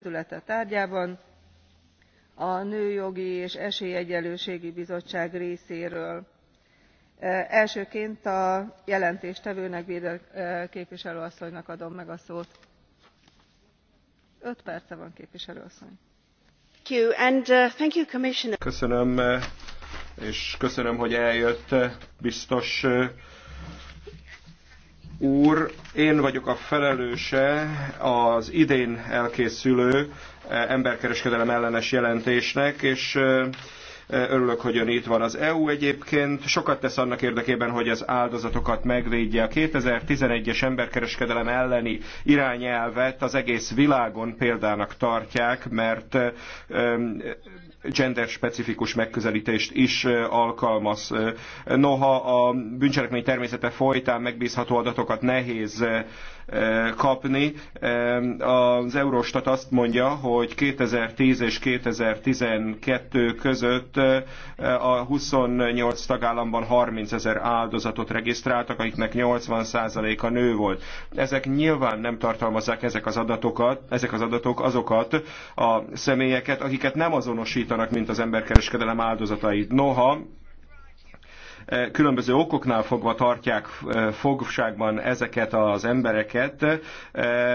testülete tárgyában a nőjogi és esélyegyenlőségi bizottság részéről. elsőként a jelentéstevőnek bdr képviselő asszonynak adom meg a szót. öt perce van képviselő asszony. Uh, köszönöm és köszönöm hogy eljött biztos úr, én vagyok a felelőse az idén elkészülő eh, emberkereskedelem ellenes jelentésnek, és eh, eh, örülök, hogy ön itt van. Az EU egyébként sokat tesz annak érdekében, hogy az áldozatokat megvédje. A 2011-es emberkereskedelem elleni irányelvet az egész világon példának tartják, mert gender-specifikus megközelítést is alkalmaz. Noha a bűncselekmény természete folytán megbízható adatokat nehéz kapni. Az Eurostat azt mondja, hogy 2010 és 2012 között a 28 tagállamban 30 ezer áldozatot regisztráltak, akiknek 80%-a nő volt. Ezek nyilván nem tartalmazzák ezek az adatokat, ezek az adatok azokat a személyeket, akiket nem azonosítanak, mint az emberkereskedelem áldozatait. Noha E, különböző okoknál fogva tartják e, fogságban ezeket az embereket, e,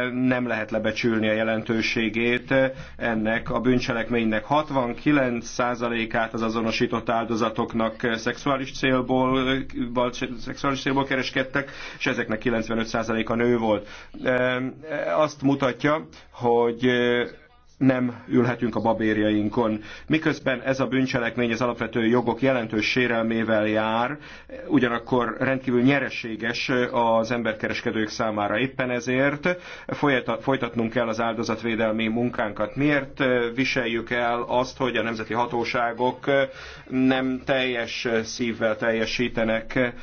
nem lehet lebecsülni a jelentőségét ennek a bűncselekménynek. 69%-át az azonosított áldozatoknak szexuális célból, szexuális célból kereskedtek, és ezeknek 95%-a nő volt. Azt mutatja, hogy nem ülhetünk a babérjainkon. Miközben ez a bűncselekmény az alapvető jogok jelentős sérelmével jár, ugyanakkor rendkívül nyereséges az emberkereskedők számára. Éppen ezért folytatnunk kell az áldozatvédelmi munkánkat. Miért viseljük el azt, hogy a nemzeti hatóságok nem teljes szívvel teljesítenek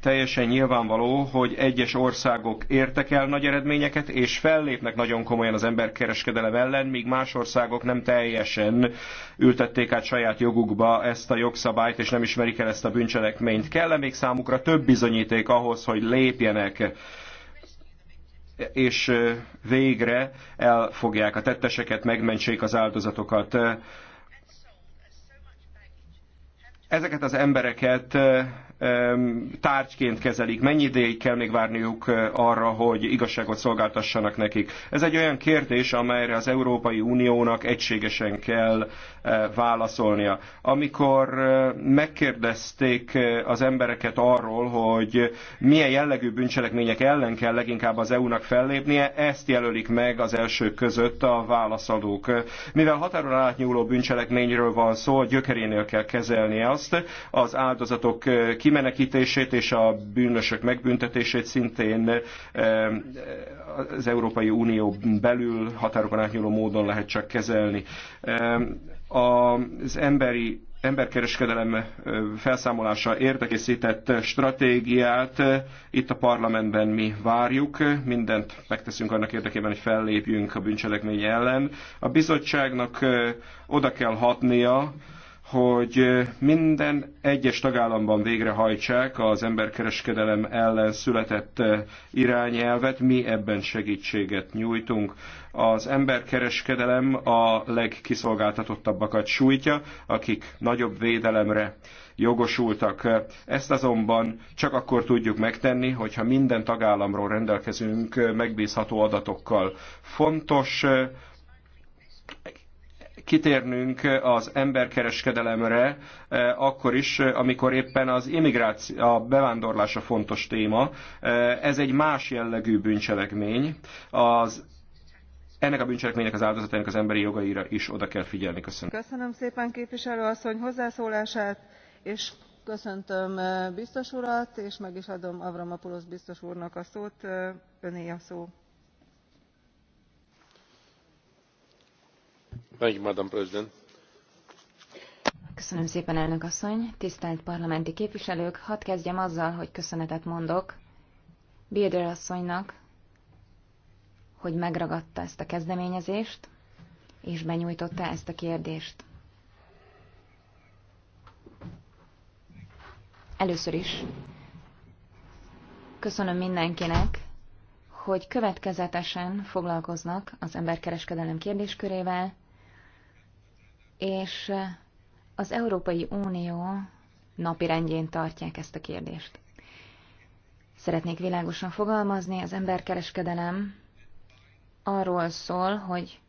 teljesen nyilvánvaló, hogy egyes országok értek el nagy eredményeket, és fellépnek nagyon komolyan az emberkereskedelem ellen, míg más országok nem teljesen ültették át saját jogukba ezt a jogszabályt, és nem ismerik el ezt a bűncselekményt. Kell-e még számukra több bizonyíték ahhoz, hogy lépjenek és végre elfogják a tetteseket, megmentsék az áldozatokat. Ezeket az embereket tárgyként kezelik, mennyi ideig kell még várniuk eh, arra, hogy igazságot szolgáltassanak nekik. Ez egy olyan kérdés, amelyre az Európai Uniónak egységesen kell Eh, válaszolnia. Amikor eh, megkérdezték eh, az embereket arról, hogy milyen jellegű bűncselekmények ellen kell leginkább az EU-nak fellépnie, ezt jelölik meg az elsők között a válaszadók. Mivel határon átnyúló bűncselekményről van szó, a gyökerénél kell kezelni azt, az áldozatok kimenekítését és a bűnösök megbüntetését szintén az Európai Unió belül határokon átnyúló módon lehet csak kezelni az emberi emberkereskedelem felszámolása érdekészített stratégiát itt a parlamentben mi várjuk. Mindent megteszünk annak érdekében, hogy fellépjünk a bűncselekmény ellen. A bizottságnak oda kell hatnia, hogy minden egyes tagállamban végrehajtsák az emberkereskedelem ellen született irányelvet, mi ebben segítséget nyújtunk. Az emberkereskedelem a legkiszolgáltatottabbakat sújtja, akik nagyobb védelemre jogosultak. Ezt azonban csak akkor tudjuk megtenni, hogyha minden tagállamról rendelkezünk megbízható adatokkal. Fontos kitérnünk az emberkereskedelemre, eh, akkor is, eh, amikor éppen az immigráció, a bevándorlás a fontos téma. Eh, ez egy más jellegű bűncselekmény. Az ennek a bűncselekménynek az áldozatának az emberi jogaira is oda kell figyelni. Köszönöm. Köszönöm szépen képviselő asszony hozzászólását, és köszöntöm biztos urat, és meg is adom Avramopoulos biztos úrnak a szót. Öné a szó. Köszönöm szépen, Tisztelt parlamenti képviselők, hadd kezdjem azzal, hogy köszönetet mondok Bilder asszonynak, hogy megragadta ezt a kezdeményezést, és benyújtotta ezt a kérdést. Először is köszönöm mindenkinek, hogy következetesen foglalkoznak az emberkereskedelem kérdéskörével, és az Európai Unió napi rendjén tartják ezt a kérdést. Szeretnék világosan fogalmazni, az emberkereskedelem arról szól, hogy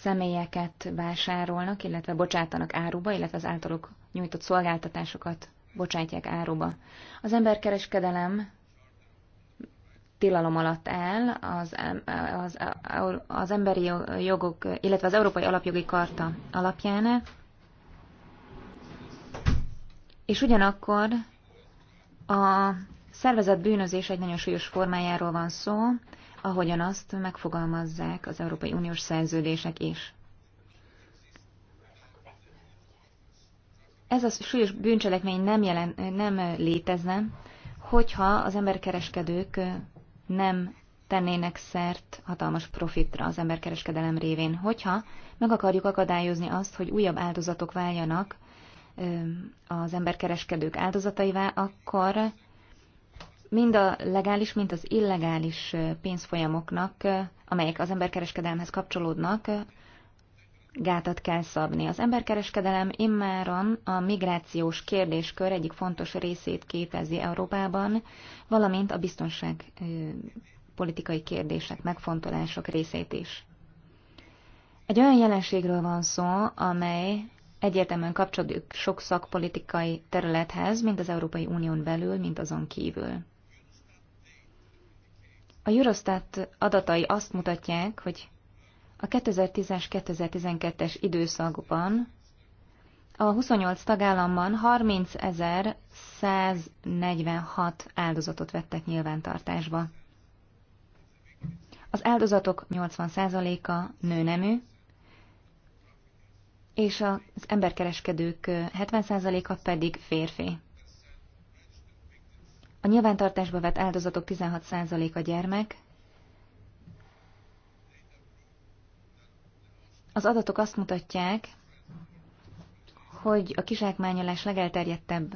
személyeket vásárolnak, illetve bocsátanak áruba, illetve az általuk nyújtott szolgáltatásokat bocsátják áruba. Az emberkereskedelem tilalom alatt áll az, az, az emberi jogok, illetve az Európai Alapjogi Karta alapján. És ugyanakkor a szervezett bűnözés egy nagyon súlyos formájáról van szó, ahogyan azt megfogalmazzák az Európai Uniós szerződések is. Ez a súlyos bűncselekmény nem, jelen, nem létezne, hogyha az emberkereskedők nem tennének szert hatalmas profitra az emberkereskedelem révén, hogyha meg akarjuk akadályozni azt, hogy újabb áldozatok váljanak az emberkereskedők áldozataivá, akkor mind a legális, mind az illegális pénzfolyamoknak, amelyek az emberkereskedelemhez kapcsolódnak, gátat kell szabni. Az emberkereskedelem immáron a migrációs kérdéskör egyik fontos részét képezi Európában, valamint a biztonság politikai kérdések, megfontolások részét is. Egy olyan jelenségről van szó, amely egyértelműen kapcsolódik sok szakpolitikai területhez, mint az Európai Unión belül, mint azon kívül. A Eurostat adatai azt mutatják, hogy a 2010-es, 2012-es időszakban a 28 tagállamban 30.146 áldozatot vettek nyilvántartásba. Az áldozatok 80%-a nőnemű, és az emberkereskedők 70%-a pedig férfi. A nyilvántartásba vett áldozatok 16%-a gyermek, Az adatok azt mutatják, hogy a kizsákmányolás legelterjedtebb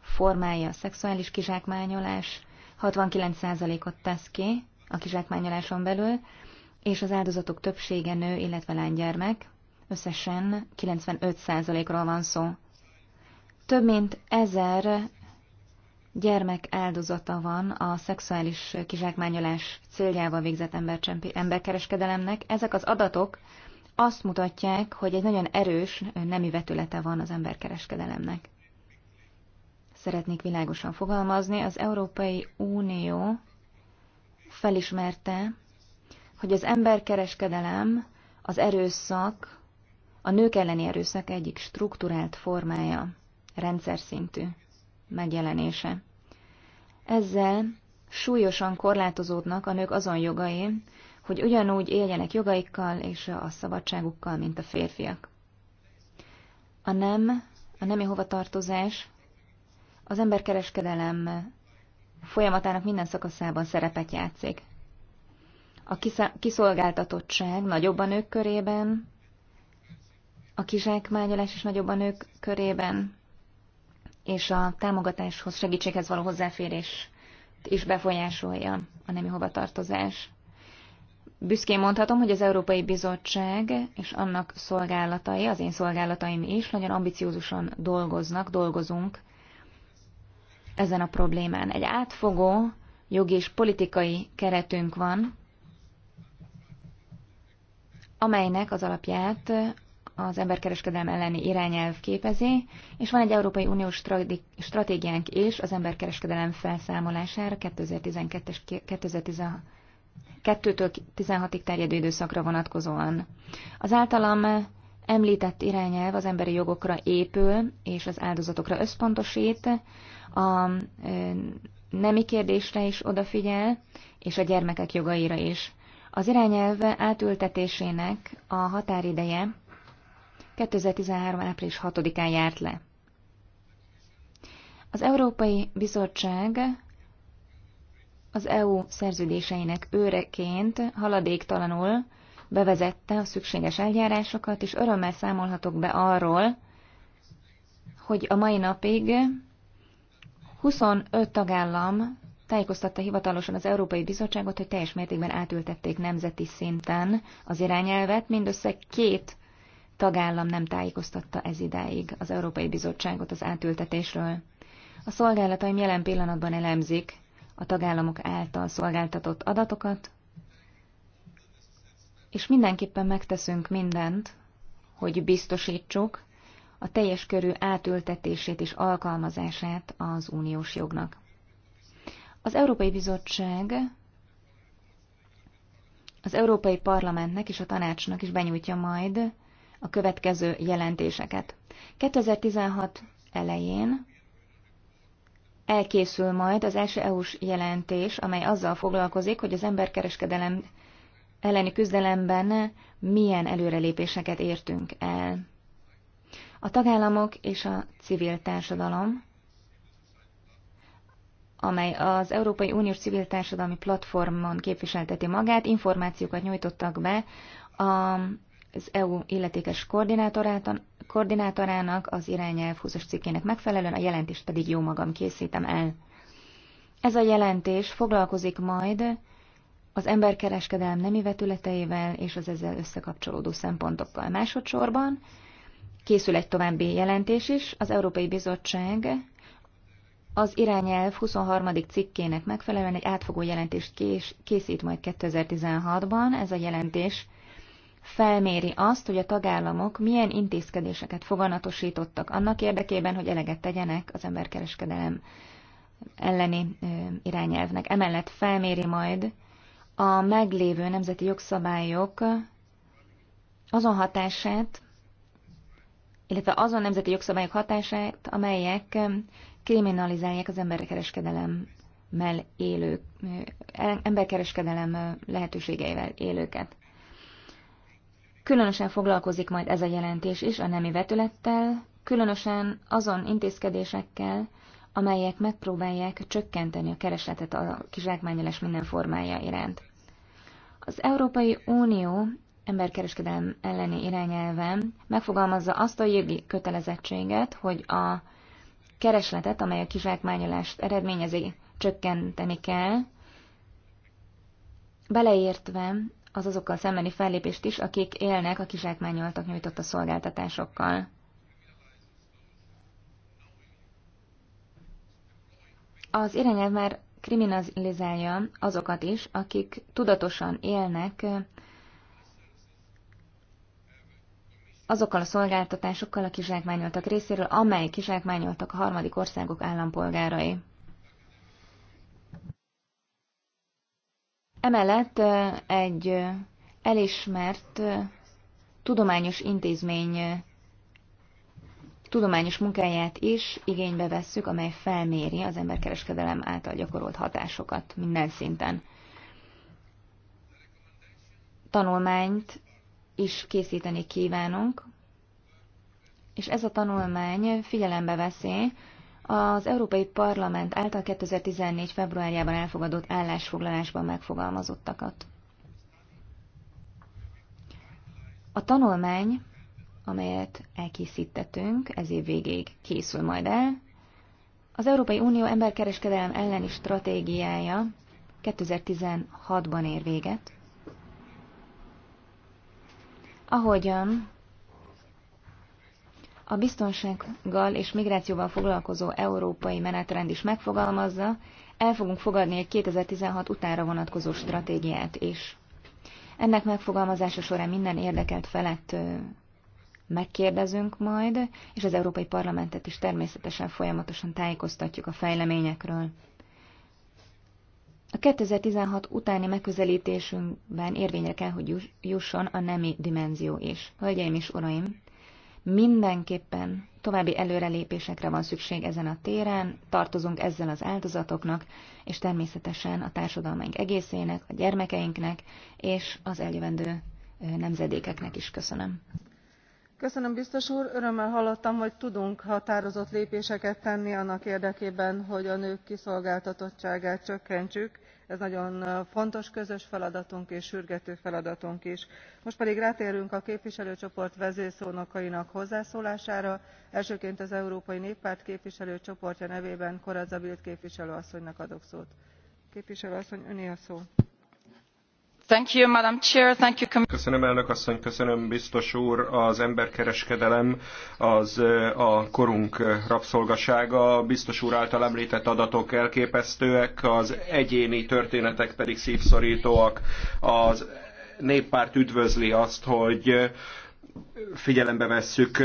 formája a szexuális kizsákmányolás, 69%-ot tesz ki a kizsákmányoláson belül, és az áldozatok többsége nő, illetve lánygyermek, összesen 95%-ról van szó. Több mint ezer gyermek áldozata van a szexuális kizsákmányolás céljával végzett emberkereskedelemnek. Ezek az adatok azt mutatják, hogy egy nagyon erős nemi vetülete van az emberkereskedelemnek. Szeretnék világosan fogalmazni, az Európai Unió felismerte, hogy az emberkereskedelem, az erőszak, a nők elleni erőszak egyik strukturált formája, rendszer szintű megjelenése. Ezzel súlyosan korlátozódnak a nők azon jogai, hogy ugyanúgy éljenek jogaikkal és a szabadságukkal, mint a férfiak. A nem, a nemi hovatartozás az emberkereskedelem folyamatának minden szakaszában szerepet játszik. A kiszolgáltatottság nagyobb a nők körében, a kizsákmányolás is nagyobb a nők körében, és a támogatáshoz, segítséghez való hozzáférés is befolyásolja a nemi hovatartozás. Büszkén mondhatom, hogy az Európai Bizottság és annak szolgálatai, az én szolgálataim is nagyon ambiciózusan dolgoznak, dolgozunk ezen a problémán. Egy átfogó jogi és politikai keretünk van, amelynek az alapját az emberkereskedelem elleni irányelv képezi, és van egy Európai Uniós stratégiánk is az emberkereskedelem felszámolására 2012-2016 2-től 16-ig terjedő időszakra vonatkozóan. Az általam említett irányelv az emberi jogokra épül, és az áldozatokra összpontosít, a nemi kérdésre is odafigyel, és a gyermekek jogaira is. Az irányelv átültetésének a határideje 2013. április 6-án járt le. Az Európai Bizottság az EU szerződéseinek őreként haladéktalanul bevezette a szükséges eljárásokat, és örömmel számolhatok be arról, hogy a mai napig 25 tagállam tájékoztatta hivatalosan az Európai Bizottságot, hogy teljes mértékben átültették nemzeti szinten az irányelvet, mindössze két tagállam nem tájékoztatta ez idáig az Európai Bizottságot az átültetésről. A szolgálataim jelen pillanatban elemzik a tagállamok által szolgáltatott adatokat, és mindenképpen megteszünk mindent, hogy biztosítsuk a teljes körű átültetését és alkalmazását az uniós jognak. Az Európai Bizottság az Európai Parlamentnek és a Tanácsnak is benyújtja majd a következő jelentéseket. 2016 elején elkészül majd az első EU-s jelentés, amely azzal foglalkozik, hogy az emberkereskedelem elleni küzdelemben milyen előrelépéseket értünk el. A tagállamok és a civil társadalom, amely az Európai Uniós Civil Társadalmi Platformon képviselteti magát, információkat nyújtottak be az EU illetékes koordinátorától, koordinátorának az irányelv 20 cikkének megfelelően, a jelentést pedig jó magam készítem el. Ez a jelentés foglalkozik majd az emberkereskedelem nemi vetületeivel és az ezzel összekapcsolódó szempontokkal. Másodszorban készül egy további jelentés is, az Európai Bizottság az irányelv 23. cikkének megfelelően egy átfogó jelentést kés, készít majd 2016-ban. Ez a jelentés felméri azt, hogy a tagállamok milyen intézkedéseket foganatosítottak annak érdekében, hogy eleget tegyenek az emberkereskedelem elleni irányelvnek. Emellett felméri majd a meglévő nemzeti jogszabályok azon hatását, illetve azon nemzeti jogszabályok hatását, amelyek kriminalizálják az emberkereskedelemmel élők, emberkereskedelem lehetőségeivel élőket. Különösen foglalkozik majd ez a jelentés is a nemi vetülettel, különösen azon intézkedésekkel, amelyek megpróbálják csökkenteni a keresletet a kizsákmányolás minden formája iránt. Az Európai Unió emberkereskedelem elleni irányelve megfogalmazza azt a jogi kötelezettséget, hogy a keresletet, amely a kizsákmányolást eredményezi, csökkenteni kell, beleértve az azokkal szembeni fellépést is, akik élnek a kizsákmányoltak nyújtotta szolgáltatásokkal. Az irányelv már kriminalizálja azokat is, akik tudatosan élnek azokkal a szolgáltatásokkal a kizsákmányoltak részéről, amely kizsákmányoltak a harmadik országok állampolgárai. Emellett egy elismert tudományos intézmény tudományos munkáját is igénybe vesszük, amely felméri az emberkereskedelem által gyakorolt hatásokat minden szinten. Tanulmányt is készíteni kívánunk, és ez a tanulmány figyelembe veszi az Európai Parlament által 2014. februárjában elfogadott állásfoglalásban megfogalmazottakat. A tanulmány, amelyet elkészítettünk, ez év végéig készül majd el, az Európai Unió emberkereskedelem elleni stratégiája 2016-ban ér véget. Ahogyan a biztonsággal és migrációval foglalkozó európai menetrend is megfogalmazza, el fogunk fogadni egy 2016 utára vonatkozó stratégiát is. Ennek megfogalmazása során minden érdekelt felett megkérdezünk majd, és az Európai Parlamentet is természetesen folyamatosan tájékoztatjuk a fejleményekről. A 2016 utáni megközelítésünkben érvényre kell, hogy jusson a nemi dimenzió is. Hölgyeim és uraim, Mindenképpen további előrelépésekre van szükség ezen a téren, tartozunk ezzel az áldozatoknak, és természetesen a társadalmaink egészének, a gyermekeinknek és az eljövendő nemzedékeknek is köszönöm. Köszönöm, biztos úr! Örömmel hallottam, hogy tudunk határozott lépéseket tenni annak érdekében, hogy a nők kiszolgáltatottságát csökkentsük ez nagyon fontos közös feladatunk és sürgető feladatunk is. most pedig rátérünk a képviselőcsoport vezérszónokainak hozzászólására elsőként az európai néppárt képviselőcsoportja nevében corazza bildt képviselő asszonynak adok szót. képviselő asszony öné a szó. Köszönöm elnök asszony, köszönöm biztos úr. Az emberkereskedelem az eh, a korunk eh, rabszolgasága. Biztos úr által emltett adatok elképesztőek, az egyéni történetek pedig szvszortóak Az néppárt üdvözli azt, hogy figyelembe vesszük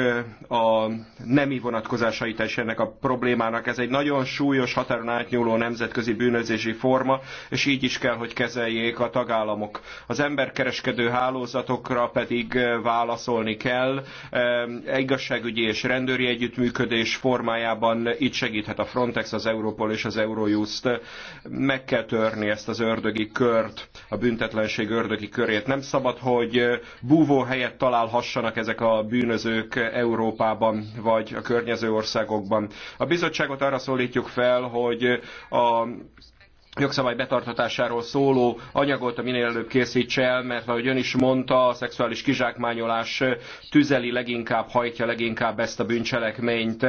a nemi vonatkozásait is ennek a problémának. Ez egy nagyon súlyos, határon átnyúló nemzetközi bűnözési forma, és így is kell, hogy kezeljék a tagállamok. Az emberkereskedő hálózatokra pedig válaszolni kell. Igazságügyi és rendőri együttműködés formájában itt segíthet a Frontex, az Europol és az Eurojust. Meg kell törni ezt az ördögi kört, a büntetlenség ördögi körét. Nem szabad, hogy búvó helyet találhassanak ezek a bűnözők Európában vagy a környező országokban. A bizottságot arra szólítjuk fel, hogy a jogszabály betartatásáról szóló anyagot a minél előbb készíts el, mert ahogy ön is mondta, a szexuális kizsákmányolás tüzeli leginkább, hajtja leginkább ezt a bűncselekményt.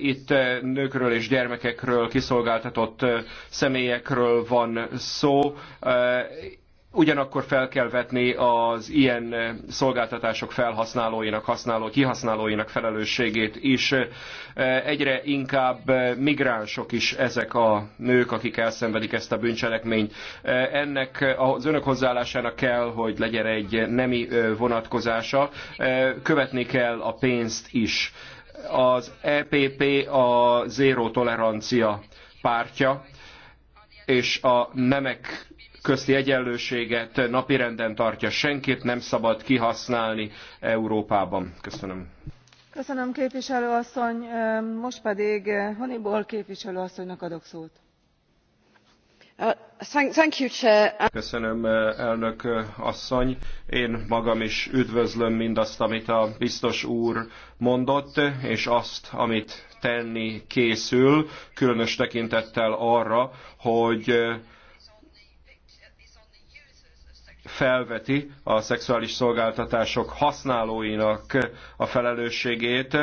Itt nőkről és gyermekekről, kiszolgáltatott személyekről van szó ugyanakkor fel kell vetni az ilyen szolgáltatások felhasználóinak, használó, kihasználóinak felelősségét is. Egyre inkább migránsok is ezek a nők, akik elszenvedik ezt a bűncselekményt. Ennek az önök hozzáállásának kell, hogy legyen egy nemi vonatkozása. Követni kell a pénzt is. Az EPP a zéró tolerancia pártja, és a nemek közti egyenlőséget napirenden tartja. Senkit nem szabad kihasználni Európában. Köszönöm. Köszönöm képviselő asszony. Most pedig Hannibal képviselő asszonynak adok szót. Uh, Köszönöm, elnök asszony én magam is üdvözlöm mindazt amit a biztos úr mondott és azt amit tenni készül különös tekintettel arra hogy felveti a szexuális szolgáltatások használóinak a felelősségét,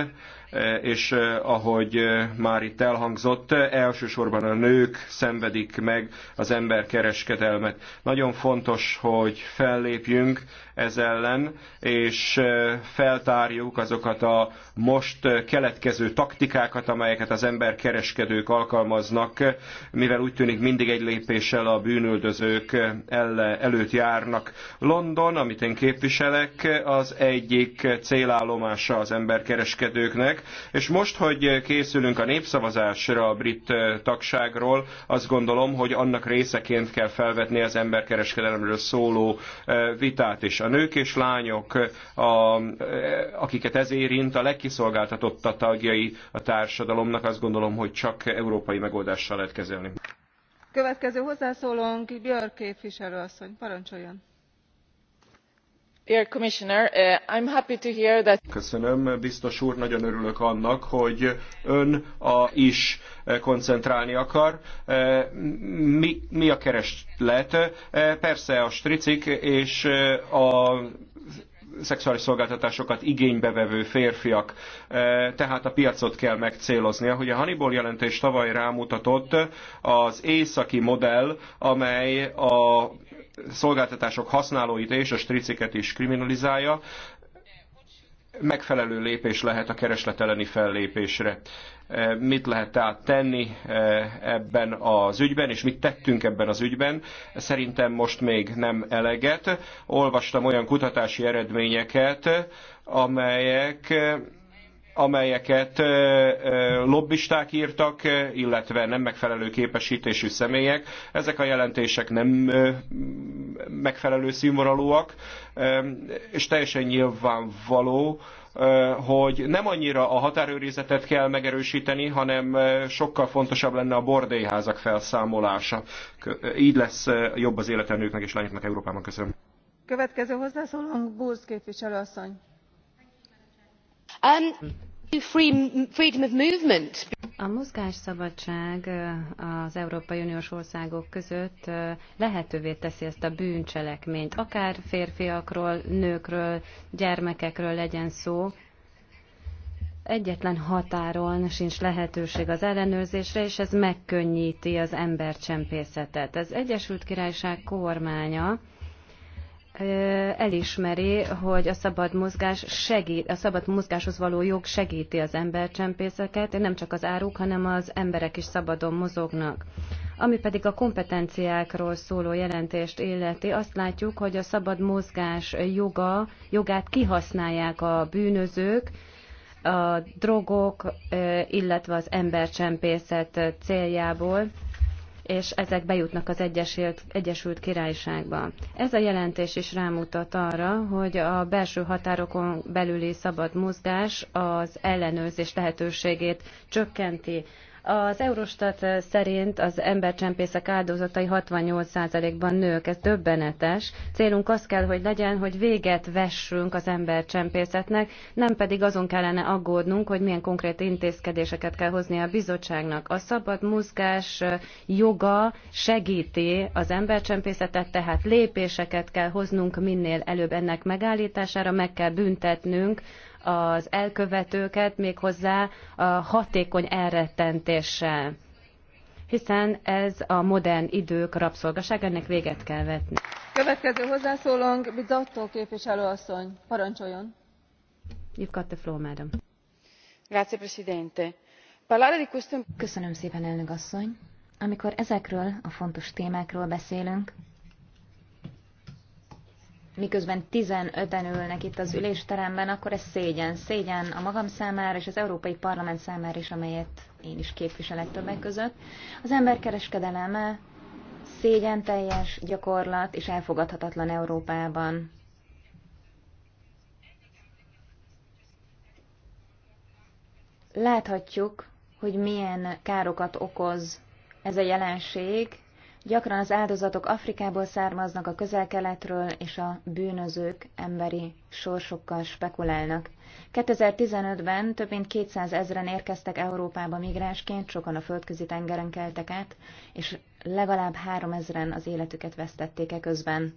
és eh, ahogy eh, már itt elhangzott, elsősorban a nők szenvedik meg az emberkereskedelmet. Nagyon fontos, hogy fellépjünk ez ellen, és eh, feltárjuk azokat a most keletkező taktikákat, amelyeket az emberkereskedők alkalmaznak, mivel úgy tűnik mindig egy lépéssel a bűnöldözők előtt járnak járnak. London, amit én képviselek, az egyik célállomása az emberkereskedőknek, és most, hogy készülünk a népszavazásra a brit tagságról, azt gondolom, hogy annak részeként kell felvetni az emberkereskedelemről szóló vitát is. A nők és lányok, a, akiket ez érint, a legkiszolgáltatottabb tagjai a társadalomnak, azt gondolom, hogy csak európai megoldással lehet kezelni következő hozzászólónk björk képviselő asszony parancsoljon! Uh, köszönöm biztos úr nagyon örülök annak hogy ön is eh, koncentrálni akar. Eh, mi, mi a kereslet? Eh, persze a stricik és a szexuális szolgáltatásokat igénybe vevő férfiak. E, tehát a piacot kell megcélozni. Ahogy a Hannibal jelentés tavaly rámutatott, az északi modell, amely a szolgáltatások használóit és a striciket is kriminalizálja, megfelelő lépés lehet a kereslet elleni fellépésre. E, mit lehet tehát tenni e, ebben az ügyben, és mit tettünk ebben az ügyben? Szerintem most még nem eleget. Olvastam olyan kutatási eredményeket, amelyek amelyeket lobbisták írtak, illetve nem megfelelő képesítésű személyek. Ezek a jelentések nem megfelelő színvonalúak, és teljesen nyilvánvaló, hogy nem annyira a határőrizetet kell megerősíteni, hanem sokkal fontosabb lenne a bordélyházak felszámolása. Így lesz jobb az élete nőknek és lányoknak Európában. Köszönöm. Következő hozzászólónk Búz képviselő Um... A mozgásszabadság az Európai Uniós országok között lehetővé teszi ezt a bűncselekményt, akár férfiakról, nőkről, gyermekekről legyen szó. Egyetlen határon sincs lehetőség az ellenőrzésre, és ez megkönnyíti az embercsempészetet. Az Egyesült Királyság kormánya elismeri, hogy a szabad mozgás segít, a szabad mozgáshoz való jog segíti az embercsempészeket, nem csak az áruk, hanem az emberek is szabadon mozognak. Ami pedig a kompetenciákról szóló jelentést illeti, azt látjuk, hogy a szabad mozgás joga, jogát kihasználják a bűnözők, a drogok, illetve az embercsempészet céljából és ezek bejutnak az Egyesült, Egyesült Királyságba. Ez a jelentés is rámutat arra, hogy a belső határokon belüli szabad mozgás az ellenőrzés lehetőségét csökkenti. Az Eurostat szerint az embercsempészek áldozatai 68%-ban nők, ez döbbenetes. Célunk az kell, hogy legyen, hogy véget vessünk az embercsempészetnek, nem pedig azon kellene aggódnunk, hogy milyen konkrét intézkedéseket kell hozni a bizottságnak. A szabad mozgás joga segíti az embercsempészetet, tehát lépéseket kell hoznunk minél előbb ennek megállítására, meg kell büntetnünk az elkövetőket méghozzá a hatékony elrettentéssel. Hiszen ez a modern idők rabszolgaság, ennek véget kell vetni. Következő hozzászólónk Bizzotto képviselő asszony. Parancsoljon! You've got the floor, madam. Grazie, Presidente. Parlare di questo... Köszönöm szépen, elnök asszony. Amikor ezekről a fontos témákról beszélünk, miközben 15-en ülnek itt az ülésteremben, akkor ez szégyen. Szégyen a magam számára és az Európai Parlament számára is, amelyet én is képviselek többek között. Az emberkereskedeleme szégyen teljes gyakorlat és elfogadhatatlan Európában. Láthatjuk, hogy milyen károkat okoz ez a jelenség Gyakran az áldozatok Afrikából származnak, a közel-keletről, és a bűnözők emberi sorsokkal spekulálnak. 2015-ben több mint 200 ezeren érkeztek Európába migránsként, sokan a földközi tengeren keltek át, és legalább 3 ezeren az életüket vesztették e közben.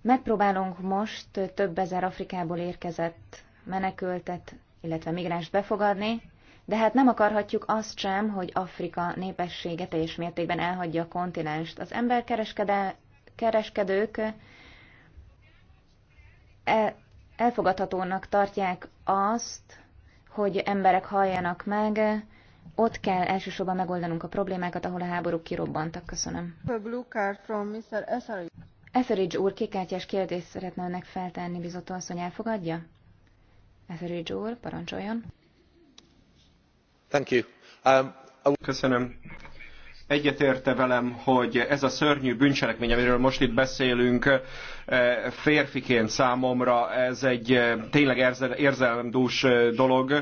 Megpróbálunk most több ezer Afrikából érkezett menekültet, illetve migráns befogadni, de hát nem akarhatjuk azt sem, hogy Afrika népessége teljes mértékben elhagyja a kontinenst. Az emberkereskedők e, elfogadhatónak tartják azt, hogy emberek halljanak meg, ott kell elsősorban megoldanunk a problémákat, ahol a háborúk kirobbantak. Köszönöm. Etheridge úr kikártyás kérdést szeretne önnek feltenni, bizottó asszony elfogadja? Etheridge úr, parancsoljon. Um, Köszönöm. Egyetérte velem, hogy ez a szörnyű bűncselekmény, amiről most itt beszélünk, eh, férfiként számomra ez egy eh, tényleg érzelemdús eh, dolog.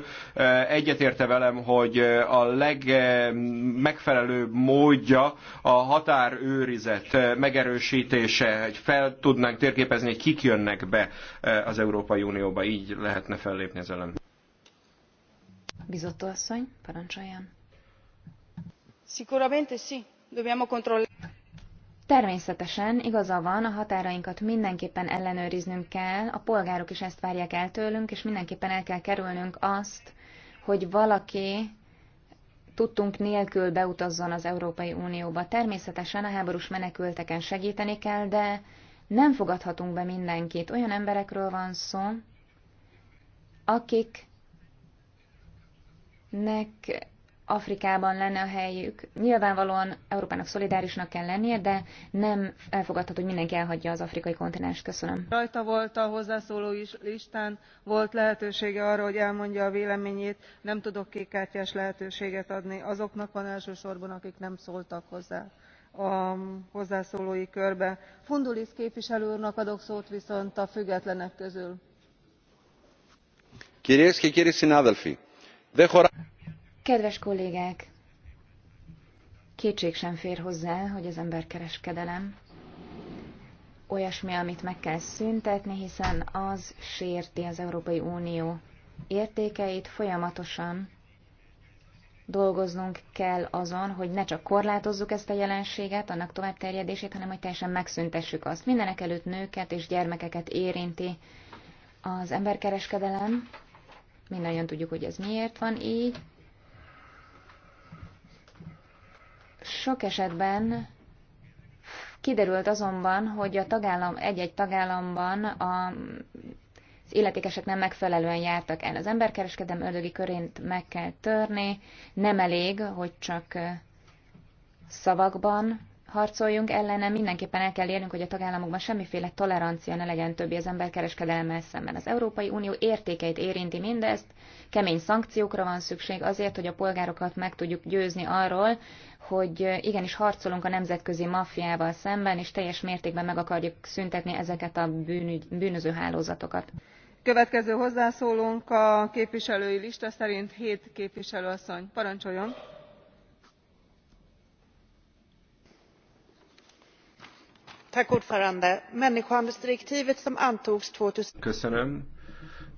Egyetérte velem, hogy a legmegfelelőbb módja a határőrizet megerősítése, hogy fel tudnánk térképezni, hogy kik jönnek be az Európai Unióba, így lehetne fellépni ezzel ellen. Bizotto asszony, parancsoljon. Sicuramente sì, dobbiamo controllare. Természetesen igaza van, a határainkat mindenképpen ellenőriznünk kell, a polgárok is ezt várják el tőlünk, és mindenképpen el kell kerülnünk azt, hogy valaki tudtunk nélkül beutazzon az Európai Unióba. Természetesen a háborús menekülteken segíteni kell, de nem fogadhatunk be mindenkit. Olyan emberekről van szó, akik nek Afrikában lenne a helyük. Nyilvánvalóan Európának szolidárisnak kell lennie, de nem elfogadható, hogy mindenki elhagyja az afrikai kontinens. Köszönöm. Rajta volt a hozzászóló is listán, volt lehetősége arra, hogy elmondja a véleményét. Nem tudok kékkártyás lehetőséget adni. Azoknak van elsősorban, akik nem szóltak hozzá a hozzászólói körbe. Fundulis képviselő úrnak adok szót viszont a függetlenek közül. Κυρίες και κύριοι Kedves kollégák, kétség sem fér hozzá, hogy az emberkereskedelem olyasmi, amit meg kell szüntetni, hiszen az sérti az Európai Unió értékeit folyamatosan dolgoznunk kell azon, hogy ne csak korlátozzuk ezt a jelenséget, annak tovább terjedését, hanem hogy teljesen megszüntessük azt. Mindenek előtt nőket és gyermekeket érinti az emberkereskedelem, Mindannyian tudjuk, hogy ez miért van így. Sok esetben kiderült azonban, hogy a tagállam egy-egy tagállamban a az illetékesek nem megfelelően jártak el. Az emberkereskedem ördögi körént meg kell törni, nem elég, hogy csak szavakban harcoljunk ellene, mindenképpen el kell érnünk, hogy a tagállamokban semmiféle tolerancia ne legyen többi az emberkereskedelemmel szemben. Az Európai Unió értékeit érinti mindezt, kemény szankciókra van szükség azért, hogy a polgárokat meg tudjuk győzni arról, hogy igenis harcolunk a nemzetközi maffiával szemben, és teljes mértékben meg akarjuk szüntetni ezeket a bűnügy, bűnöző hálózatokat. Következő hozzászólónk a képviselői lista szerint hét képviselőasszony. Parancsoljon!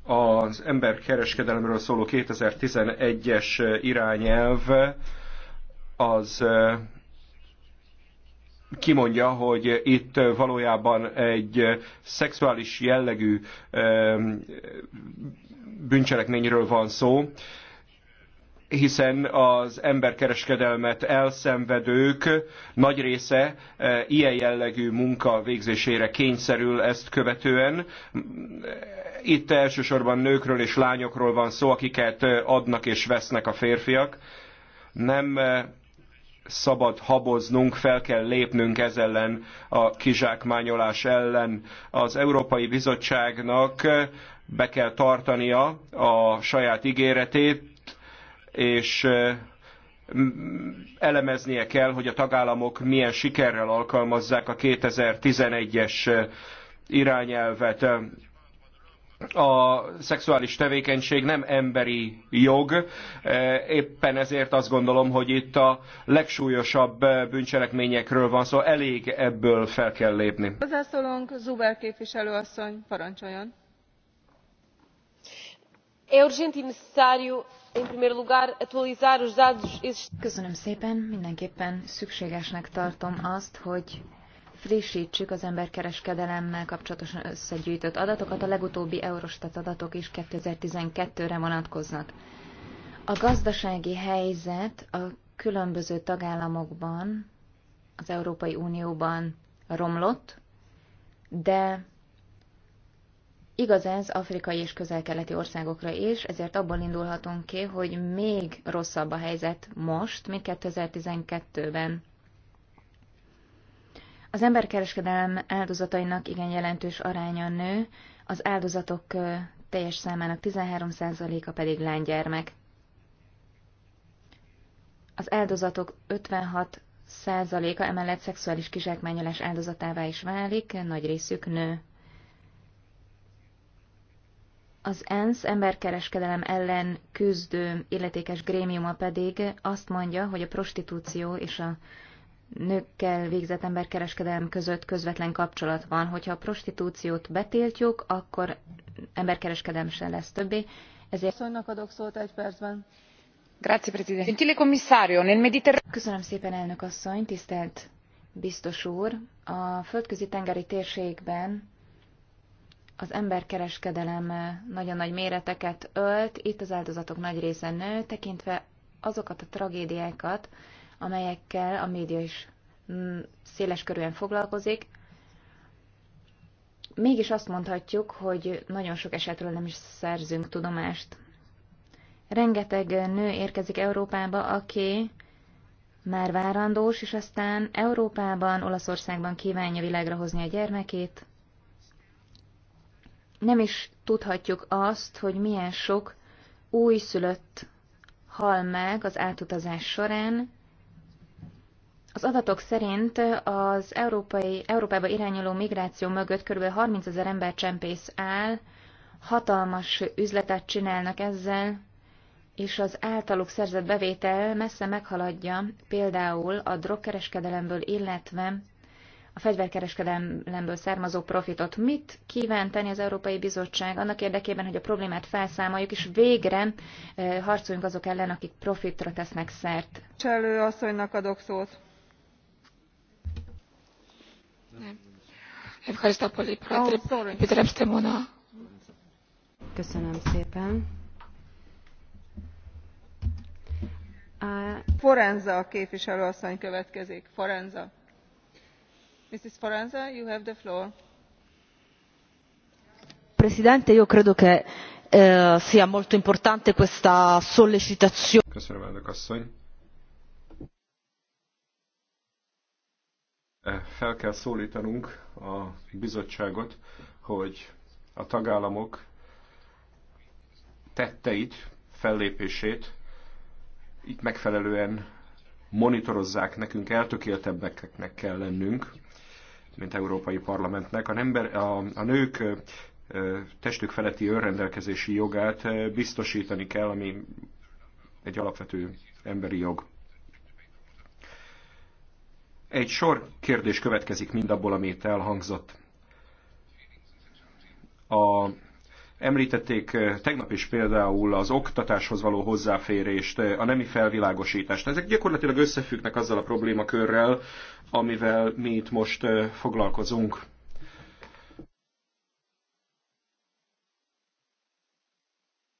Az emberkereskedelemről szóló 2011-es eh, irányelv az eh, kimondja, hogy itt eh, valójában egy szexuális jellegű bűncselekményről van szó, hiszen az emberkereskedelmet elszenvedők nagy része e, ilyen jellegű munka végzésére kényszerül ezt követően. Itt elsősorban nőkről és lányokról van szó, akiket adnak és vesznek a férfiak. Nem e, szabad haboznunk, fel kell lépnünk ez ellen a kizsákmányolás ellen. Az Európai Bizottságnak be kell tartania a saját ígéretét, és elemeznie kell, hogy a tagállamok milyen sikerrel alkalmazzák a 2011-es irányelvet a szexuális tevékenység nem emberi jog, éppen ezért azt gondolom, hogy itt a legsúlyosabb bűncselekményekről van szó, szóval elég ebből fel kell lépni. Hozzászólónk Zuber képviselő asszony, parancsoljon! É urgente e necessário, em primeiro lugar, atualizar os dados existentes. Köszönöm szépen, mindenképpen szükségesnek tartom azt, hogy frissítsük az emberkereskedelemmel kapcsolatosan összegyűjtött adatokat, a legutóbbi Eurostat adatok is 2012-re vonatkoznak. A gazdasági helyzet a különböző tagállamokban, az Európai Unióban romlott, de Igaz ez afrikai és közel-keleti országokra is, ezért abból indulhatunk ki, hogy még rosszabb a helyzet most, mint 2012-ben. Az emberkereskedelem áldozatainak igen jelentős aránya nő, az áldozatok teljes számának 13%-a pedig lánygyermek. Az áldozatok 56%-a emellett szexuális kizsákmányolás áldozatává is válik, nagy részük nő. Az ENSZ emberkereskedelem ellen küzdő illetékes grémiuma pedig azt mondja, hogy a prostitúció és a nőkkel végzett emberkereskedelem között közvetlen kapcsolat van. Hogyha a prostitúciót betiltjuk, akkor emberkereskedelem sem lesz többé. Ezért... Szonynak adok szót egy percben. Grazie, Presidente. Gentile Commissario, nel Mediterraneo... Köszönöm szépen, elnök asszony, tisztelt biztos úr. A földközi tengeri térségben az emberkereskedelem nagyon nagy méreteket ölt, itt az áldozatok nagy része nő, tekintve azokat a tragédiákat, amelyekkel a média is mm, széles körűen foglalkozik. Mégis azt mondhatjuk, hogy nagyon sok esetről nem is szerzünk tudomást. Rengeteg nő érkezik Európába, aki már várandós, és aztán Európában, Olaszországban kívánja világra hozni a gyermekét, nem is tudhatjuk azt, hogy milyen sok újszülött hal meg az átutazás során. Az adatok szerint az európai, Európába irányuló migráció mögött kb. 30 ezer embercsempész áll, hatalmas üzletet csinálnak ezzel, és az általuk szerzett bevétel messze meghaladja például a drogkereskedelemből, illetve a fegyverkereskedelemből származó profitot. Mit kíván tenni az Európai Bizottság annak érdekében, hogy a problémát felszámoljuk, és végre eh, harcoljunk azok ellen, akik profitra tesznek szert? Cselő asszonynak adok szót. Nem. Oh, Köszönöm szépen. Forenza képviselő asszony következik. Forenza presidente io credo che eh, sia molto importante questa sollecitazione. köszönöm elnök asszony. Eh, fel kell szólítanunk a bizottságot hogy a tagállamok tetteit fellépését itt megfelelően monitorozzák nekünk, eltökéltebbeknek kell lennünk, mint Európai Parlamentnek. A, nember, a, a nők testük feletti önrendelkezési jogát biztosítani kell, ami egy alapvető emberi jog. Egy sor kérdés következik mindabból, amit elhangzott. A Említették eh, tegnap is például az oktatáshoz való hozzáférést, eh, a nemi felvilágosítást. Ezek gyakorlatilag összefüggnek azzal a problémakörrel, amivel mi itt most eh, foglalkozunk.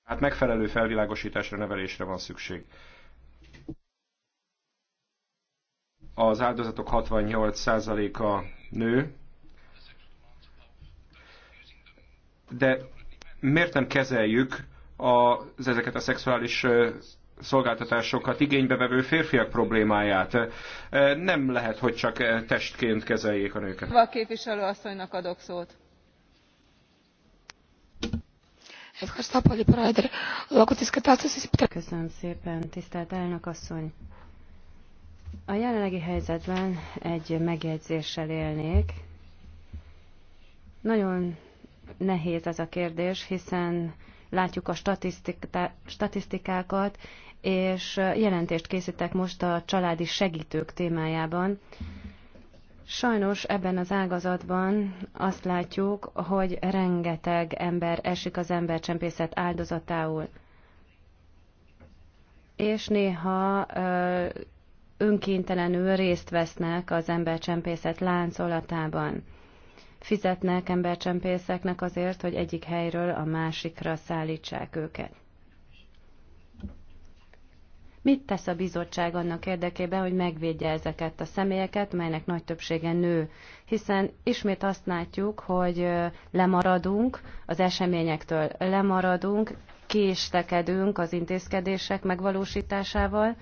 Hát megfelelő felvilágosításra, nevelésre van szükség. Az áldozatok 68%-a nő, de miért nem kezeljük az, ezeket a szexuális szolgáltatásokat igénybevevő férfiak problémáját. Nem lehet, hogy csak testként kezeljék a nőket. Szóval a képviselő asszonynak adok szót. Köszönöm szépen, tisztelt elnök asszony. A jelenlegi helyzetben egy megjegyzéssel élnék. Nagyon nehéz ez a kérdés, hiszen látjuk a statisztikákat, és jelentést készítek most a családi segítők témájában. Sajnos ebben az ágazatban azt látjuk, hogy rengeteg ember esik az embercsempészet áldozatául. És néha önkéntelenül részt vesznek az embercsempészet láncolatában fizetnek embercsempészeknek azért, hogy egyik helyről a másikra szállítsák őket. Mit tesz a bizottság annak érdekében, hogy megvédje ezeket a személyeket, melynek nagy többsége nő? Hiszen ismét azt látjuk, hogy lemaradunk az eseményektől, lemaradunk, késtekedünk az intézkedések megvalósításával,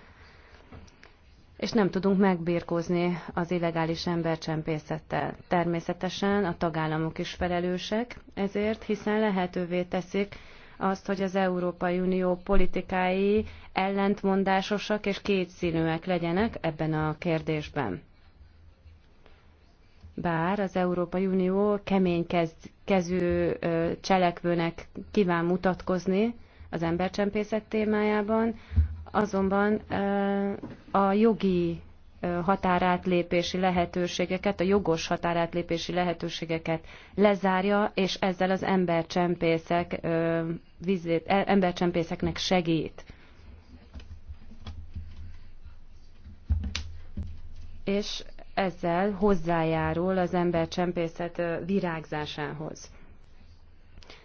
és nem tudunk megbírkozni az illegális embercsempészettel. Természetesen a tagállamok is felelősek ezért, hiszen lehetővé teszik azt, hogy az Európai Unió politikái ellentmondásosak és kétszínűek legyenek ebben a kérdésben. Bár az Európai Unió kemény kezű cselekvőnek kíván mutatkozni az embercsempészet témájában, azonban a jogi határátlépési lehetőségeket, a jogos határátlépési lehetőségeket lezárja, és ezzel az embercsempészek, vizét, e, embercsempészeknek segít. És ezzel hozzájárul az embercsempészet virágzásához.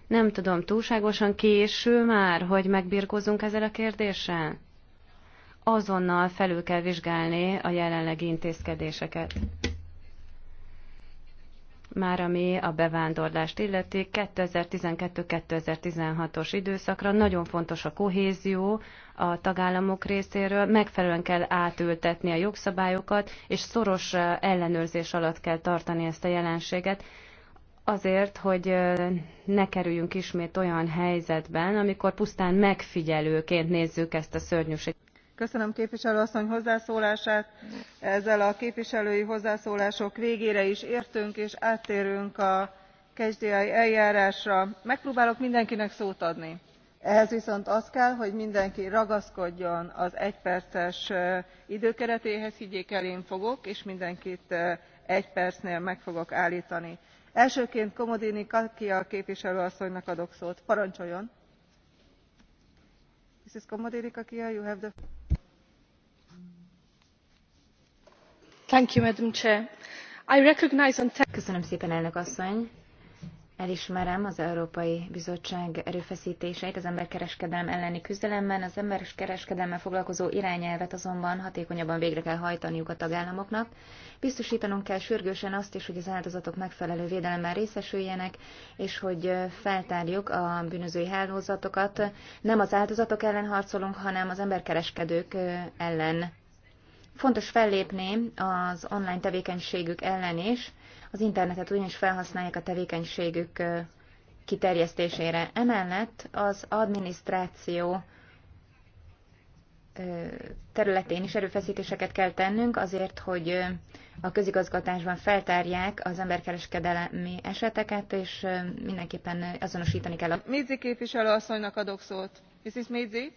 Nem tudom, túlságosan késő már, hogy megbirkózunk ezzel a kérdéssel? azonnal felül kell vizsgálni a jelenlegi intézkedéseket. Már ami a bevándorlást illeti, 2012-2016-os időszakra nagyon fontos a kohézió a tagállamok részéről, megfelelően kell átültetni a jogszabályokat, és szoros ellenőrzés alatt kell tartani ezt a jelenséget, azért, hogy ne kerüljünk ismét olyan helyzetben, amikor pusztán megfigyelőként nézzük ezt a szörnyűséget köszönöm képviselő asszony hozzászólását ezzel a képviselői hozzászólások végére is értünk és áttérünk a catch the eye eljárásra. megpróbálok mindenkinek szót adni ehhez viszont az kell hogy mindenki ragaszkodjon az egyperces időkeretéhez higgyék el én fogok és mindenkit egy percnél meg fogok álltani. elsőként comodini katia képviselő asszonynak adok szót parancsoljon! Köszönöm szépen, elnök asszony! Elismerem az Európai Bizottság erőfesztéseit az emberkereskedelem elleni küzdelemben. Az emberkereskedelemmel foglalkozó irányelvet azonban hatékonyabban végre kell hajtaniuk a tagállamoknak. Biztosítanunk kell sürgősen azt is, hogy az áldozatok megfelelő védelemmel részesüljenek, és hogy feltárjuk a bűnözői hálózatokat. Nem az áldozatok ellen harcolunk, hanem az emberkereskedők ellen Fontos fellépni az online tevékenységük ellen is, az internetet ugyanis felhasználják a tevékenységük kiterjesztésére. Emellett az adminisztráció területén is erőfeszítéseket kell tennünk azért, hogy a közigazgatásban feltárják az emberkereskedelmi eseteket, és mindenképpen azonosítani kell. A... Médzi képviselő asszonynak adok szót. Mrs. Médzi?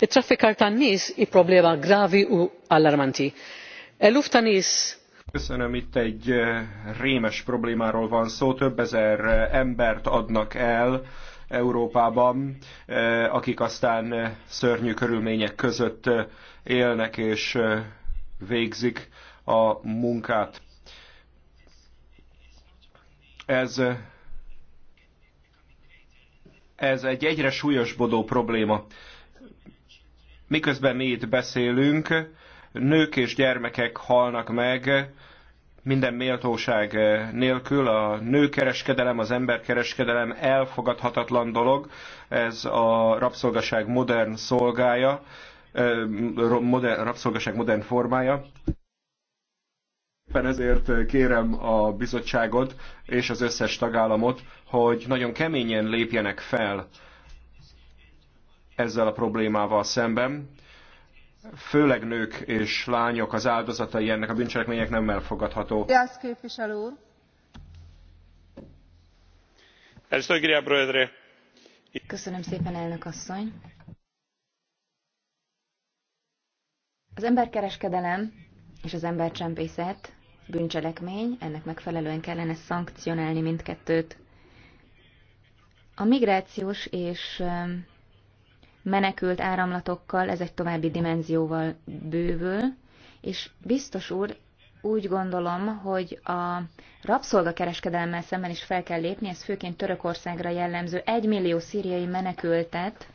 it-traffikar a nies hi problema gravi u allarmanti. eluf ta' nies Köszönöm, itt egy eh, rémes problémáról van szó. Több ezer eh, embert adnak el Európában, eh, akik aztán szörnyű körülmények között élnek és végzik a munkát. Ez, ez egy egyre súlyosbodó probléma miközben mi itt beszélünk, nők és gyermekek halnak meg minden méltóság nélkül. A nőkereskedelem, az emberkereskedelem elfogadhatatlan dolog. Ez a rabszolgaság modern szolgája, modern, rabszolgaság modern formája. Éppen ezért kérem a bizottságot és az összes tagállamot, hogy nagyon keményen lépjenek fel ezzel a problémával szemben. Főleg nők és lányok az áldozatai ennek a bűncselekmények nem elfogadható. Jász képviselő úr. Köszönöm szépen, elnök asszony. Az emberkereskedelem és az embercsempészet bűncselekmény, ennek megfelelően kellene szankcionálni mindkettőt. A migrációs és menekült áramlatokkal, ez egy további dimenzióval bővül, és biztos úr, úgy gondolom, hogy a rabszolgakereskedelmmel szemben is fel kell lépni, ez főként Törökországra jellemző. Egy millió szíriai menekültet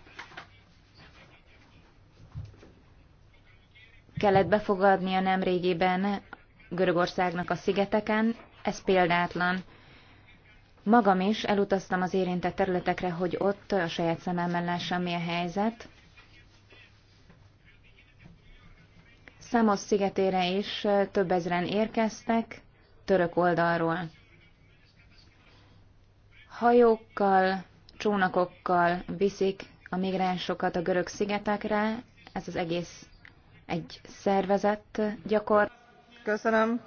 kellett befogadnia nemrégiben Görögországnak a szigeteken, ez példátlan. Magam is elutaztam az érintett területekre, hogy ott a saját szememmel lássam, mi a helyzet. Számos szigetére is több ezren érkeztek, török oldalról. Hajókkal, csónakokkal viszik a migránsokat a görög szigetekre, ez az egész egy szervezett gyakor. Köszönöm.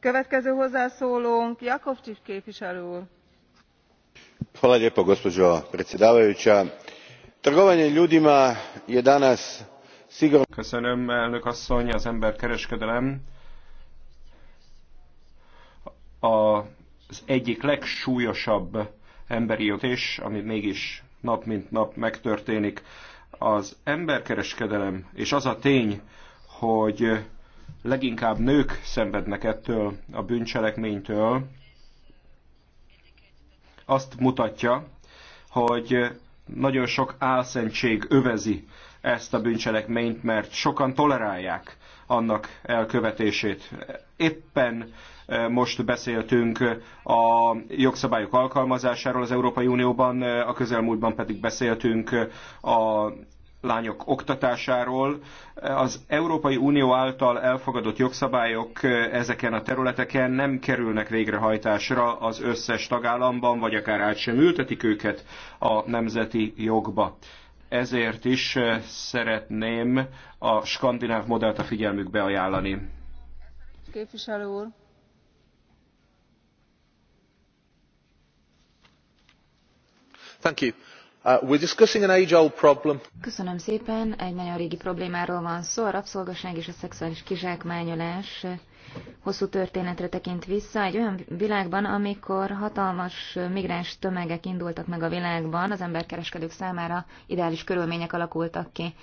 Következő hozzászólónk Jakovcsics képviselő úr gospođo predsjednice trgovanje ljudima je danas sigurno. az emberkereskedelem az egyik legsúlyosabb emberi jogsértés ami mégis nap mint nap megtörténik. Az emberkereskedelem és az a tény, hogy leginkább nők szenvednek ettől a bűncselekménytől, azt mutatja, hogy nagyon sok álszentség övezi ezt a bűncselekményt, mert sokan tolerálják annak elkövetését. Éppen e, most beszéltünk a jogszabályok alkalmazásáról az Európai Unióban, e, a közelmúltban pedig beszéltünk a lányok oktatásáról. Az Európai Unió által elfogadott jogszabályok ezeken a területeken nem kerülnek végrehajtásra az összes tagállamban, vagy akár át sem ültetik őket a nemzeti jogba. Ezért is szeretném a skandináv modellt a figyelmükbe ajánlani. Képviselő úr. Thank you. Uh, discussing an age-old problem. Köszönöm szépen, egy nagyon régi problémáról van szó, a rabszolgaság és a szexuális kizsákmányolás hosszú történetre tekint vissza, egy olyan világban, amikor hatalmas migráns tömegek indultak meg a világban, az emberkereskedők számára ideális körülmények alakultak ki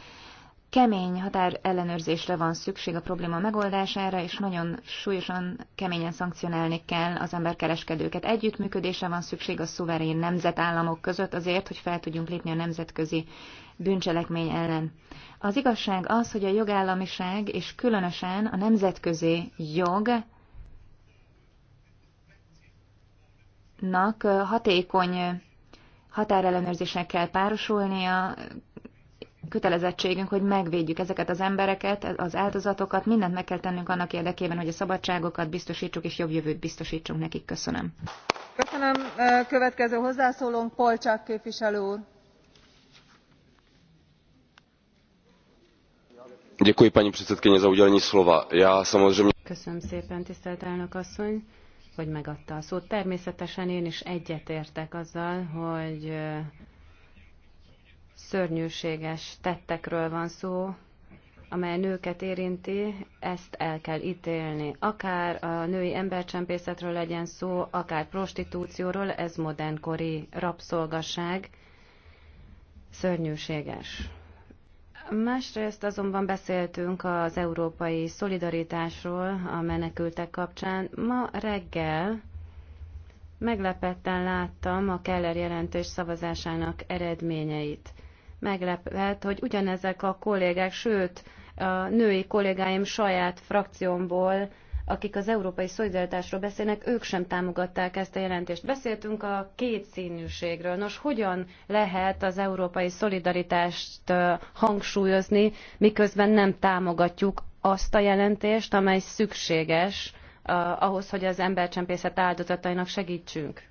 kemény határ ellenőrzésre van szükség a probléma megoldására, és nagyon súlyosan, keményen szankcionálni kell az emberkereskedőket. Együttműködésre van szükség a szuverén nemzetállamok között azért, hogy fel tudjunk lépni a nemzetközi bűncselekmény ellen. Az igazság az, hogy a jogállamiság és különösen a nemzetközi jog hatékony határellenőrzésekkel párosulnia, kötelezettségünk, hogy megvédjük ezeket az embereket, az áldozatokat, mindent meg kell tennünk annak érdekében, hogy a szabadságokat biztosítsuk és jobb jövőt biztosítsunk nekik. Köszönöm. Köszönöm. Következő hozzászólónk Polcsák képviselő úr. Děkuji, paní předsedkyně, za udělení slova. Já samozřejmě... Köszönöm szépen, tisztelt elnök asszony, hogy megadta a szót. Természetesen én is egyetértek azzal, hogy szörnyűséges tettekről van szó, amely nőket érinti, ezt el kell ítélni. Akár a női embercsempészetről legyen szó, akár prostitúcióról, ez modernkori rabszolgaság szörnyűséges. Másrészt azonban beszéltünk az európai szolidaritásról a menekültek kapcsán. Ma reggel meglepetten láttam a Keller jelentés szavazásának eredményeit meglepett, hogy ugyanezek a kollégák, sőt, a női kollégáim saját frakciómból, akik az európai szolidaritásról beszélnek, ők sem támogatták ezt a jelentést. Beszéltünk a kétszínűségről. Nos, hogyan lehet az európai szolidaritást hangsúlyozni, miközben nem támogatjuk azt a jelentést, amely szükséges ahhoz, hogy az embercsempészet áldozatainak segítsünk?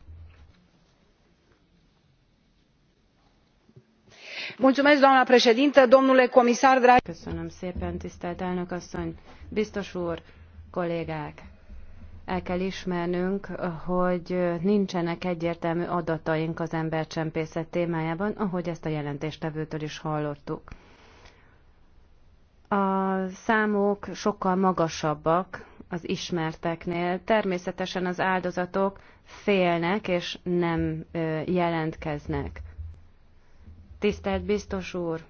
doamnă președintă domnule comisar dragi. köszönöm szépen tisztelt elnök asszony biztos úr kollégák! el kell ismernünk, hogy nincsenek egyértelmű adataink az embercsempészet témájában, ahogy ezt a jelentéstevőtől is hallottuk. A számok sokkal magasabbak az ismerteknél. Természetesen az áldozatok félnek és nem jelentkeznek. Tisztelt biztos úr!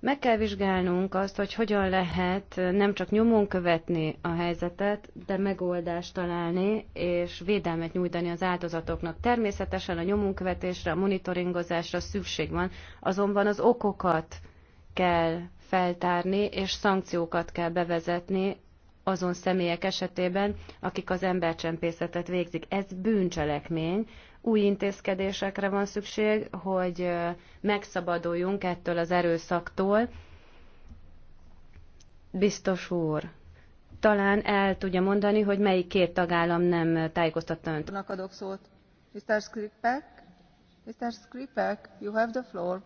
Meg kell vizsgálnunk azt, hogy hogyan lehet nem csak nyomon követni a helyzetet, de megoldást találni és védelmet nyújtani az áldozatoknak. Természetesen a nyomonkövetésre, a monitoringozásra szükség van, azonban az okokat kell feltárni, és szankciókat kell bevezetni azon személyek esetében, akik az embercsempészetet végzik. Ez bűncselekmény, új intézkedésekre van szükség, hogy megszabaduljunk ettől az erőszaktól. Biztos úr, talán el tudja mondani, hogy melyik két tagállam nem tájékoztatta önt. Adok szót. Mr. Skripek, Mr. Skripek, you have the floor.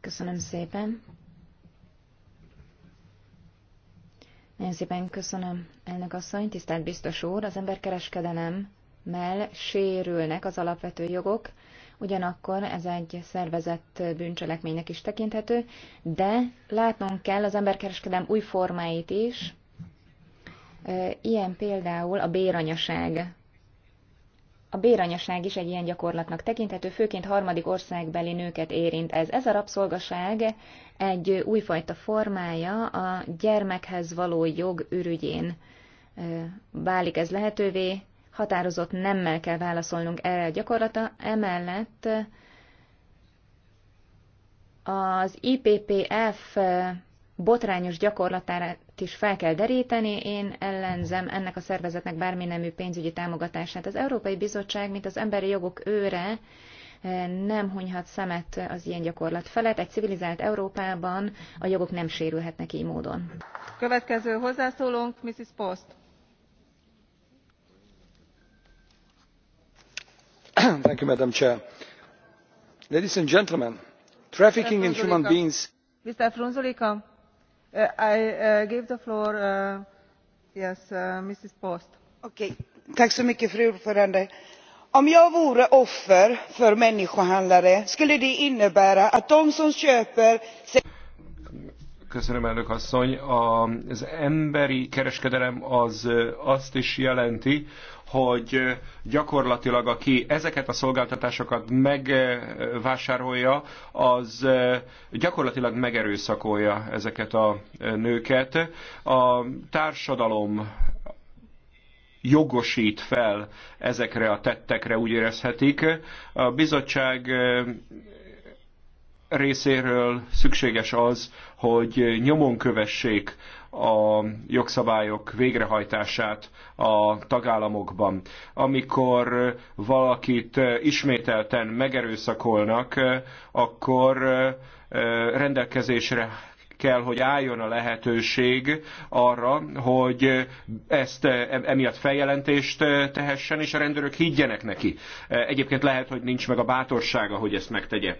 Köszönöm szépen. Nagyon szépen köszönöm, elnök asszony, tisztelt biztos úr. Az emberkereskedelemmel sérülnek az alapvető jogok, ugyanakkor ez egy szervezett bűncselekménynek is tekinthető, de látnunk kell az emberkereskedelem új formáit is, ilyen például a béranyaság a béranyaság is egy ilyen gyakorlatnak tekinthető, főként harmadik országbeli nőket érint ez. Ez a rabszolgaság egy újfajta formája a gyermekhez való jog ürügyén válik ez lehetővé, határozott nemmel kell válaszolnunk erre a gyakorlata, emellett az IPPF botrányos gyakorlatára is fel kell deríteni. Én ellenzem ennek a szervezetnek bármi nemű pénzügyi támogatását. Az Európai Bizottság, mint az emberi jogok őre, eh, nem hunyhat szemet az ilyen gyakorlat felett. Egy civilizált Európában a jogok nem sérülhetnek így módon. Következő hozzászólónk Mrs. Post. Thank you, Madam Chair. Ladies and gentlemen, trafficking in human beings. Mr. Frunzulika fru talman! om jag vore offer för människohandlare skulle det innebära att de som köper säljer och köper säljer vidare till människor som sedan köper och säljer vidare. Köszönöm, elnök asszony. Az emberi kereskedelem az azt is jelenti, hogy gyakorlatilag aki ezeket a szolgáltatásokat megvásárolja, az gyakorlatilag megerőszakolja ezeket a nőket. A társadalom jogosít fel ezekre a tettekre, úgy érezhetik. A bizottság részéről szükséges az, hogy nyomon kövessék a jogszabályok végrehajtását a tagállamokban. Amikor valakit ismételten megerőszakolnak, akkor rendelkezésre kell, hogy álljon a lehetőség arra, hogy ezt e, emiatt feljelentést tehessen, és a rendőrök higgyenek neki. Egyébként lehet, hogy nincs meg a bátorsága, hogy ezt megtegye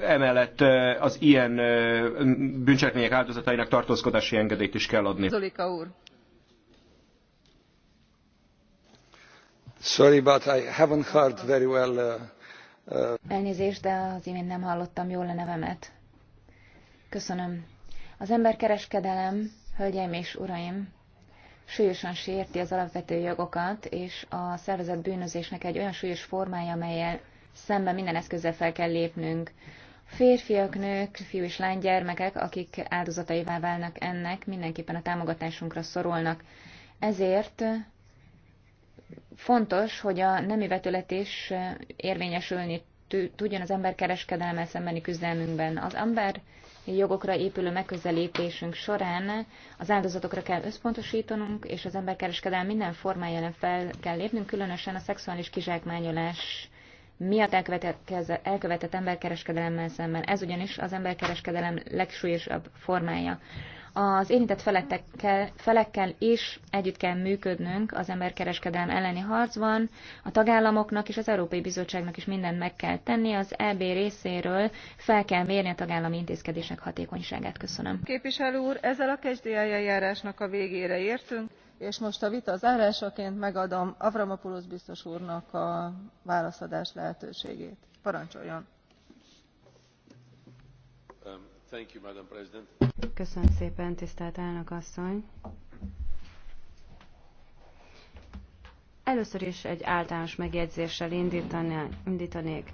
emellett az ilyen bűncselekmények áldozatainak tartózkodási engedélyt is kell adni. Zolika úr. Sorry, but I haven't heard very well. Uh, uh, Elnézést, de az imént nem hallottam jól a nevemet. Köszönöm. Az emberkereskedelem, hölgyeim és uraim, súlyosan sérti az alapvető jogokat, és a szervezett bűnözésnek egy olyan súlyos formája, amelyel szemben minden eszközzel fel kell lépnünk. Férfiak, nők, fiú és lány gyermekek, akik áldozataivá válnak ennek, mindenképpen a támogatásunkra szorolnak. Ezért fontos, hogy a nemi vetületés érvényesülni tudjon az emberkereskedelme szembeni küzdelmünkben. Az ember jogokra épülő megközelítésünk során az áldozatokra kell összpontosítanunk, és az emberkereskedelem minden formájában fel kell lépnünk, különösen a szexuális kizsákmányolás miatt elkövetett emberkereskedelemmel szemben. Ez ugyanis az emberkereskedelem legsúlyosabb formája. Az érintett felekkel, felekkel is együtt kell működnünk az emberkereskedelem elleni harcban. A tagállamoknak és az Európai Bizottságnak is mindent meg kell tenni. Az EB részéről fel kell mérni a tagállami intézkedések hatékonyságát. Köszönöm. Képviselő úr, ezzel a kezdélyeljárásnak a végére értünk és most a vita zárásaként megadom avramopoulos biztos úrnak a válaszadás lehetőségét. parancsoljon! Um, Köszönöm szépen, tisztelt elnök asszony! Először is egy általános megjegyzéssel indítanék.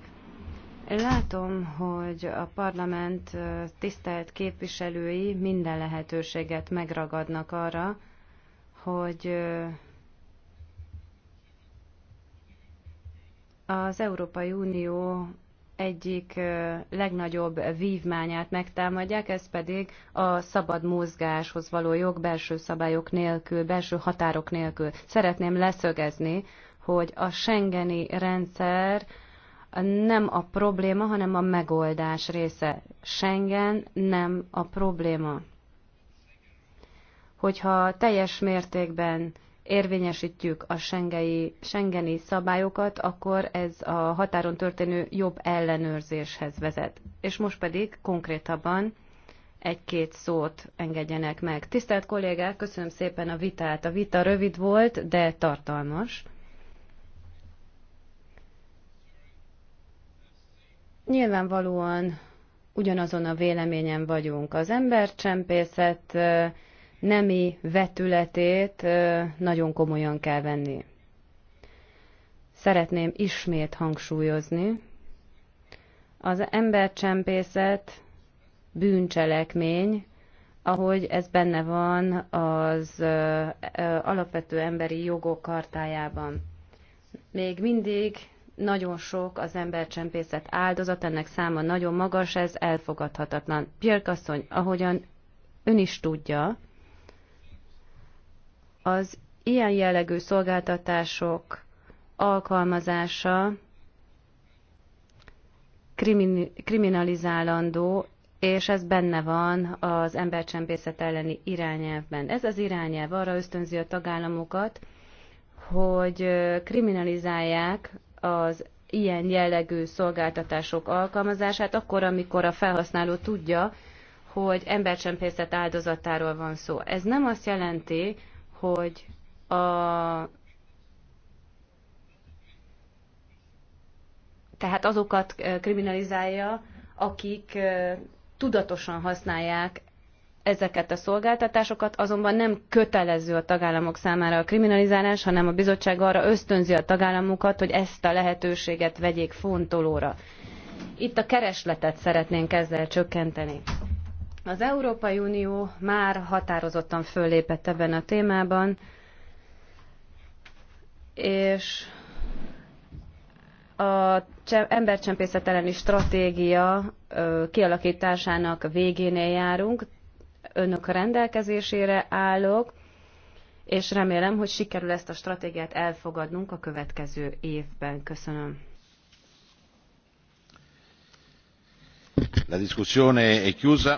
Látom, hogy a parlament tisztelt képviselői minden lehetőséget megragadnak arra, hogy az Európai Unió egyik legnagyobb vívmányát megtámadják, ez pedig a szabad mozgáshoz való jog belső szabályok nélkül, belső határok nélkül. Szeretném leszögezni, hogy a Schengeni rendszer nem a probléma, hanem a megoldás része. Schengen nem a probléma hogyha teljes mértékben érvényesítjük a sengei, sengeni szabályokat, akkor ez a határon történő jobb ellenőrzéshez vezet. És most pedig konkrétabban egy-két szót engedjenek meg. Tisztelt kollégák, köszönöm szépen a vitát. A vita rövid volt, de tartalmas. Nyilvánvalóan ugyanazon a véleményen vagyunk. Az embercsempészet nemi vetületét nagyon komolyan kell venni. Szeretném ismét hangsúlyozni, az embercsempészet bűncselekmény, ahogy ez benne van az alapvető emberi jogok kartájában. Még mindig nagyon sok az embercsempészet áldozat, ennek száma nagyon magas, ez elfogadhatatlan. Björk asszony, ahogyan ön is tudja, az ilyen jellegű szolgáltatások alkalmazása kriminalizálandó, és ez benne van az embercsempészet elleni irányelvben. Ez az irányelv arra ösztönzi a tagállamokat, hogy kriminalizálják az ilyen jellegű szolgáltatások alkalmazását, akkor, amikor a felhasználó tudja, hogy embercsempészet áldozatáról van szó. Ez nem azt jelenti, hogy a tehát azokat kriminalizálja, akik tudatosan használják ezeket a szolgáltatásokat, azonban nem kötelező a tagállamok számára a kriminalizálás, hanem a bizottság arra ösztönzi a tagállamokat, hogy ezt a lehetőséget vegyék fontolóra. Itt a keresletet szeretnénk ezzel csökkenteni. Az Európai Unió már határozottan föllépett ebben a témában, és a embercsempészet elleni stratégia kialakításának végénél járunk. Önök a rendelkezésére állok, és remélem, hogy sikerül ezt a stratégiát elfogadnunk a következő évben. Köszönöm. La discussione è chiusa.